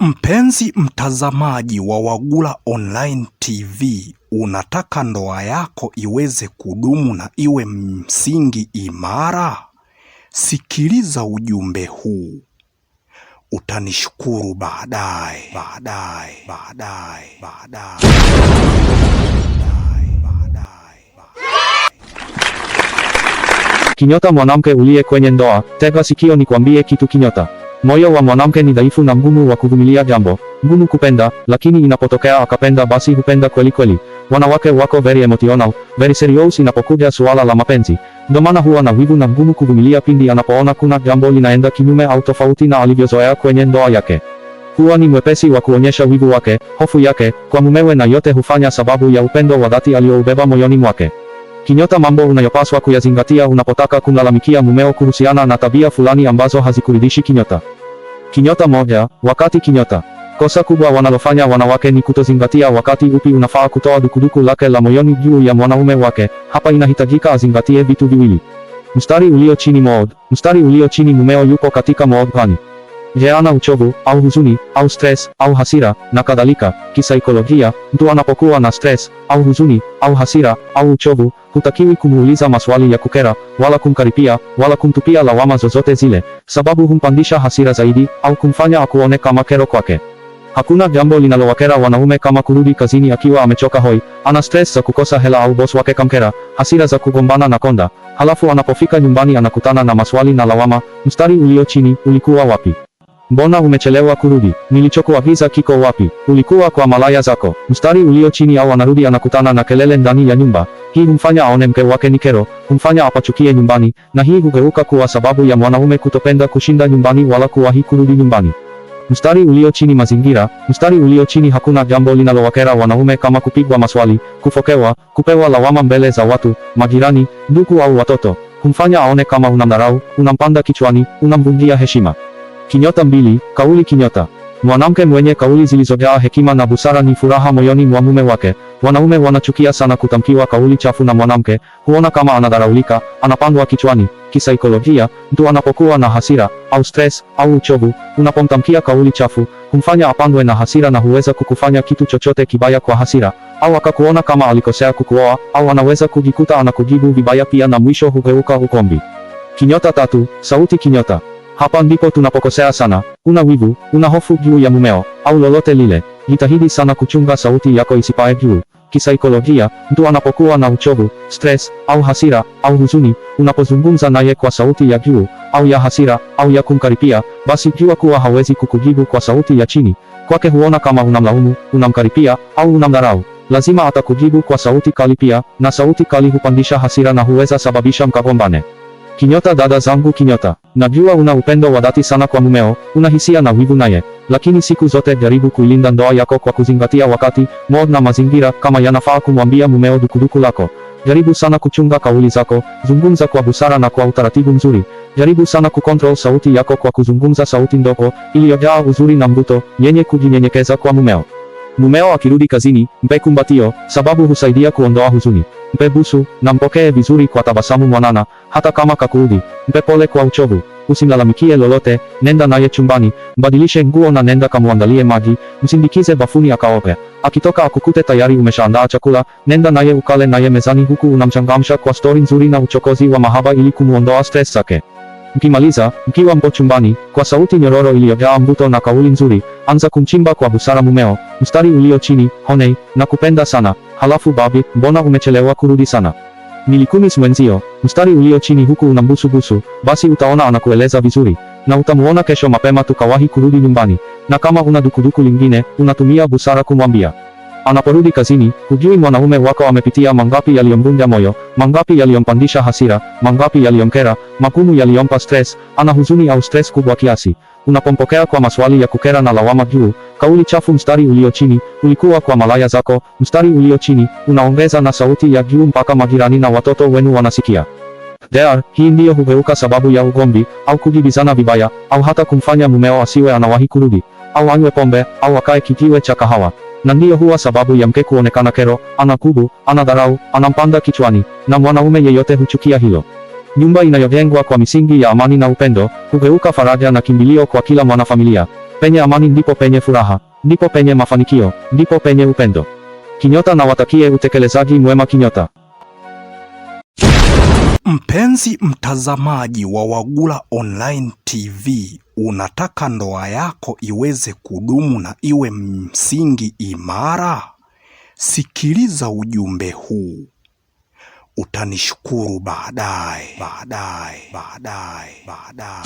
Mpenzi mtazamaji wa Wagula Online TV, unataka ndoa yako iweze kudumu na iwe msingi imara? Sikiliza ujumbe huu, utanishukuru baadaye, baadaye, baadaye, baadaye. Kinyota, mwanamke uliye kwenye ndoa, tega sikio nikwambie kitu kinyota. Moyo wa mwanamke ni dhaifu na mgumu wa kuvumilia jambo ngumu kupenda, lakini inapotokea akapenda basi hupenda kweli kweli. Wanawake wako very emotional, very serious inapokuja suala la mapenzi. Ndio maana huwa na wivu na ngumu kuvumilia pindi anapoona kuna jambo linaenda kinyume au tofauti na alivyozoea kwenye ndoa yake. Huwa ni mwepesi wa kuonyesha wivu wake, hofu yake kwa mumewe na yote hufanya sababu ya upendo wa dhati aliyoubeba moyoni mwake. Kinyota mambo unayopaswa kuyazingatia unapotaka kumlalamikia mumeo kuhusiana na tabia fulani ambazo hazikuridhishi kinyota. Kinyota moja, wakati kinyota. Kosa kubwa wanalofanya wanawake ni kutozingatia wakati upi unafaa kutoa dukuduku lake la moyoni juu ya mwanaume wake. Hapa inahitajika azingatie vitu viwili: mstari ulio chini mode, mstari ulio chini mumeo yuko katika mode gani? ana uchovu au huzuni au stress au hasira na kadhalika. Kisaikolojia, mtu anapokuwa na stress au huzuni au hasira au uchovu, hutakiwi kumuuliza maswali ya kukera wala kumkaripia wala kumtupia lawama zozote zile, sababu humpandisha hasira zaidi au kumfanya akuone kama kero kwake. Hakuna jambo linalowakera wanaume kama kurudi kazini akiwa amechoka hoi, ana stress za kukosa hela au boss wake kamkera, hasira za kugombana na konda, halafu anapofika nyumbani anakutana na maswali na lawama, mstari ulio chini ulikuwa wapi? Mbona umechelewa kurudi? Nilichokuagiza kiko wapi? Ulikuwa kwa malaya zako. Mstari ulio chini au anarudi anakutana na kelele ndani ya nyumba. Hii humfanya aone mke wake ni kero, humfanya apachukie nyumbani, na hii hugeuka kuwa sababu ya mwanaume kutopenda kushinda nyumbani wala kuwahi kurudi nyumbani. Mstari ulio chini mazingira. Mstari ulio chini hakuna jambo linalowakera wanaume kama kupigwa maswali, kufokewa, kupewa lawama mbele za watu, majirani, ndugu au watoto. Humfanya aone kama unamdharau, unampanda kichwani, unamvunjia heshima. Kinyota mbili, kauli kinyota. Mwanamke mwenye kauli zilizojaa hekima na busara ni furaha moyoni mwa mume wake. Wanaume wanachukia sana kutamkiwa kauli chafu na mwanamke, huona kama anadharaulika, anapandwa kichwani. Kisaikolojia, mtu anapokuwa na hasira au stress au uchovu, unapomtamkia kauli chafu, humfanya apandwe na hasira na huweza kukufanya kitu chochote kibaya kwa hasira, au akakuona kama alikosea kukuoa, au anaweza kujikuta anakujibu vibaya pia na mwisho hugeuka ukombi. Kinyota tatu, sauti kinyota. Hapa ndipo tunapokosea sana. Una wivu, una hofu juu ya mumeo au lolote lile, jitahidi sana kuchunga sauti yako isipae juu. Kisaikolojia, mtu anapokuwa na uchovu, stress au hasira au huzuni, unapozungumza naye kwa sauti ya juu au ya hasira au ya kumkaripia, basi jua kuwa hawezi kukujibu kwa sauti ya chini. Kwake huona kama unamlaumu, unamkaripia au unamdharau. Lazima atakujibu kwa sauti kali pia, na sauti kali hupandisha hasira na huweza sababisha mkagombane. Kinyota dada zangu kinyota, najua una upendo wa dhati sana kwa mumeo, una hisia na wivu naye, lakini siku zote jaribu kuilinda ndoa yako kwa kuzingatia wakati, mod na mazingira kama yanafaa kumwambia mumeo dukuduku lako. Jaribu sana kuchunga kauli zako, zungumza kwa busara na kwa utaratibu mzuri. Jaribu sana kukontrol sauti yako kwa kuzungumza sauti ndogo iliyojaa uzuri na mvuto, yenye kujinyenyekeza kwa mumeo. Mumeo akirudi kazini, mpe kumbatio, sababu husaidia kuondoa huzuni. Mpebusu, na mpokee vizuri kwa tabasamu mwanana, hata kama kakuudhi. Mpe pole kwa uchovu, usimlalamikie lolote, nenda naye chumbani, mbadilishe nguo na nenda kamwandalie maji, msindikize bafuni akaope Akitoka akukute tayari umeshaandaa chakula, nenda naye ukale naye mezani huku unamchangamsha kwa stori nzuri na uchokozi wa mahaba ili kumwondoa stress zake. Mkimaliza, mkiwa mpo chumbani, kwa sauti nyororo iliyojaa mvuto na kauli nzuri, anza kumchimba kwa busara mumeo, mstari ulio chini, na nakupenda sana halafu Babi, mbona umechelewa kurudi sana? Nilikumis mwenzio, mstari ulio chini huku unambusubusu, basi utaona anakueleza vizuri, na utamuona kesho mapema tukawahi kurudi nyumbani, na kama una dukuduku lingine, unatumia busara kumwambia. Anaporudi kazini, hujui mwanaume wako amepitia mangapi yaliyomvunja moyo, mangapi yaliyompandisha hasira, mangapi yaliyomkera, magumu yaliyompa stress, ana huzuni au stress kubwa kiasi. Unapompokea kwa maswali ya kukera na lawama juu, kauli chafu, mstari ulio chini, ulikuwa kwa malaya zako, mstari ulio chini, unaongeza na sauti ya juu mpaka majirani na watoto wenu wanasikia. Dear, hii ndiyo hugeuka sababu ya ugomvi, au kujibizana vibaya, au hata kumfanya mumeo asiwe anawahi kurudi, au anywe pombe, au akae kijiwe cha kahawa na ndiyo huwa sababu ya mke kuonekana kero, anakubu, anadharau, anampanda kichwani, na mwanaume yeyote huchukia hilo. Nyumba inayojengwa kwa misingi ya amani na upendo hugeuka faraja na kimbilio kwa kila mwanafamilia. Penye amani ndipo penye furaha, ndipo penye mafanikio, ndipo penye upendo. Kinyota na watakie utekelezaji mwema Kinyota. Mpenzi mtazamaji wa Wagula Online TV Unataka ndoa yako iweze kudumu na iwe msingi imara? Sikiliza ujumbe huu, utanishukuru baadaye, baadaye, baadaye, baadaye.